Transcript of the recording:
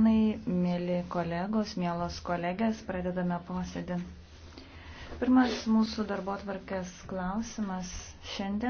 ponai, mėly kolegos, mėlos kolegės, pradedame posėdį. Pirmas mūsų darbo tvarkės klausimas šiandien.